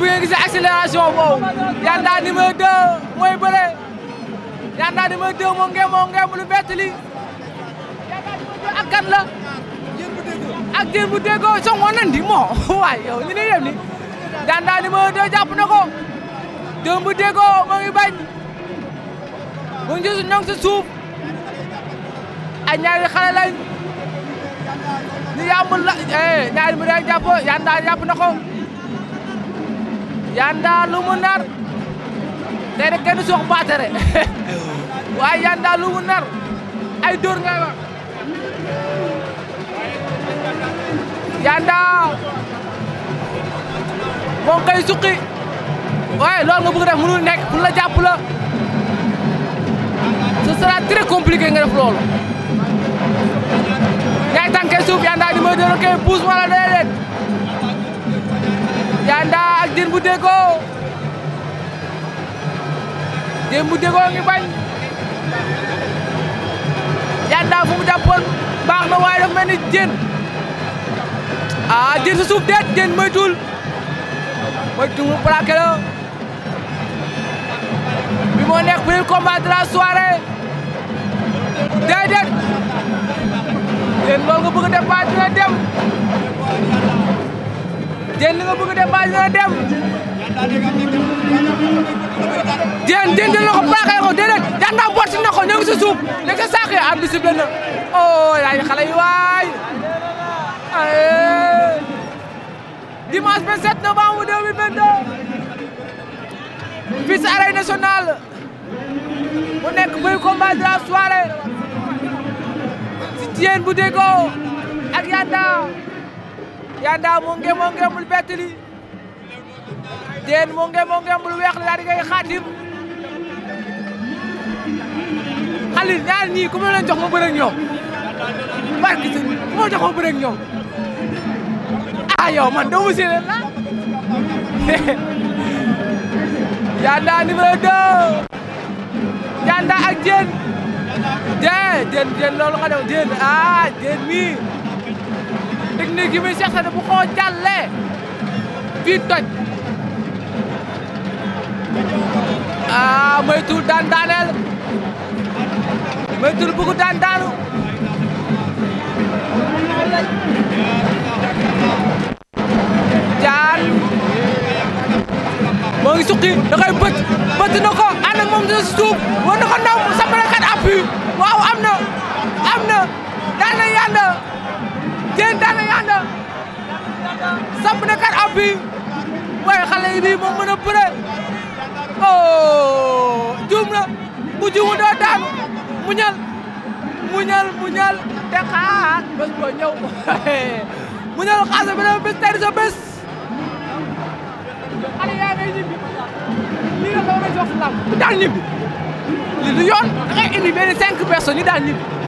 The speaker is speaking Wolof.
bu ngeen gisee accélération boobu Yanda numéro 2 Yanda numéro 2 moom ngeen moom ngeen lu bett li Yanda numéro ak kan la. ak jéem bu déggoo songoon nañ di moo waay yow ñu ne yem ni Yanda numéro 2 jàpp na ko jéem bu déggoo moo ngi bañ mu ngi ci ñoŋ ci ñaari xale lañ. ñu yàmbul la eh, ñaari mbir yaa Yanda jàpp ko. Yanda lu mu nar tey de kenn sox baatere waaye Yanda lu nar ay dóor ngay Yanda moo koy waaye loolu nga bëgg def nekk pour la jàpp la ce sera très compliqué nga def loolu ñaay Yanda di may dóor a koy puus wala déedéet Yanda jën bu déggoo jën bu déggoo ngi bañ yàlla fu mu jàppoon baax na waaye dafa mel ni jën ah jën si suuf déet jën moytul moytu mu plaqué la bi moo nekk premier combat de la nga bëgg dem baa dina dem. jeen jeen jël na ko baaxee ko déedéet daan naa booti na ko ñoo ngi na oh yaay xale yi waay. dimanche 27 novembre 2022 mu nekk muy combat de la si Diène bu Deggo ak Yanda. Yanda moo nge moo ngeemul Beteli Diène moo nge moo ngeemul weex la di koy xaatim Khalil ñaar ñii ku ma leen jox ma bëre ak ñoom barki si ah, man doomu séeréer la Yanda numéro 2 Yanda ak Diène Diène Diène Diène loolu xanaa Diène ah Diène technique yi muy cherché bu xoo jàllee fii toj ah moytul daan daaneel moytul bëgg daan daanu jaan moo ngi suqi da koy na ko ànd ak moom dina na ko ndaw sàmm na kat waaw am na am na daan na Diène Dada Yanda samp na kat waaye xale yi nii moom mën a bëre oh doo daan mu ñal mu ñal mu ñal te xaar bés boo ñëw mu ñal xaasa yaa ngay ñibbi lii nga ko war lam bu daal ñibbi li du yoon da ngay indi